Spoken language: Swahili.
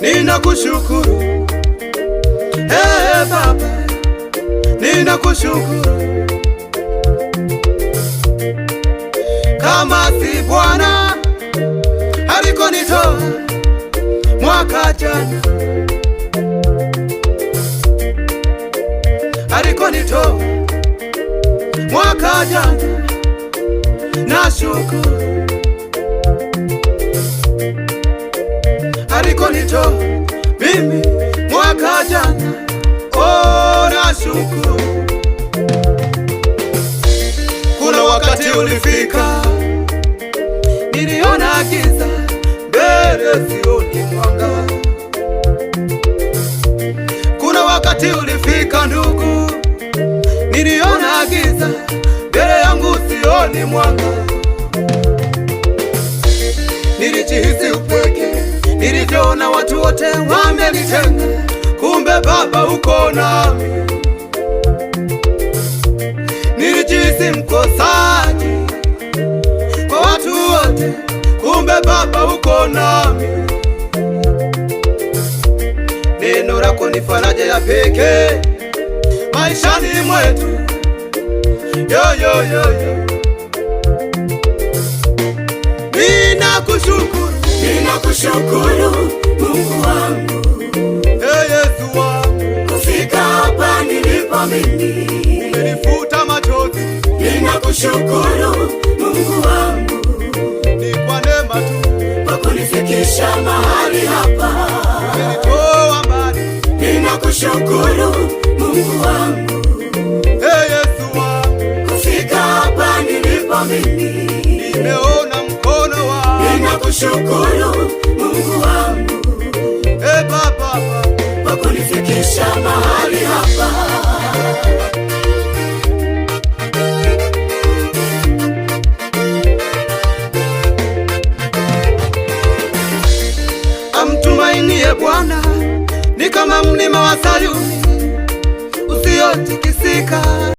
Ninakushukuru hey, eh, Baba, ninakushukuru kama si Bwana alikonitoa mwaka jana, alikonitoa mwaka jana, nashukuru ulikonitoa mimi mwaka jana, Ona oh, nashukuru. Kuna wakati ulifika niliona giza, mbele sioni mwanga. Kuna wakati ulifika ndugu, niliona giza, mbele yangu sioni mwanga, nilijihisi nilivyoona watu wote wamenitenga, kumbe Baba uko nami. Nilijisi mkosaji kwa watu wote, kumbe Baba uko nami. Neno lako ni faraja ya pekee maishani mwetu yoyoyoyo, kushukuru ninakushukuru Mungu wangu hey, ee Yesu wangu, kufika hapa nilipo mimi umenifuta machozi. Ninakushukuru Mungu wangu, ni kwa neema tu kwa kunifikisha mahali hapa, umenitoa mbali. Ninakushukuru Mungu wangu hey, ee Yesu wangu, kufika hapa nilipo mimi kushukuru Mungu wangu hey, eh, Baba kwa kunifikisha mahali hapa. Amtumainie Bwana ni kama mlima wa Sayuni usiotikisika.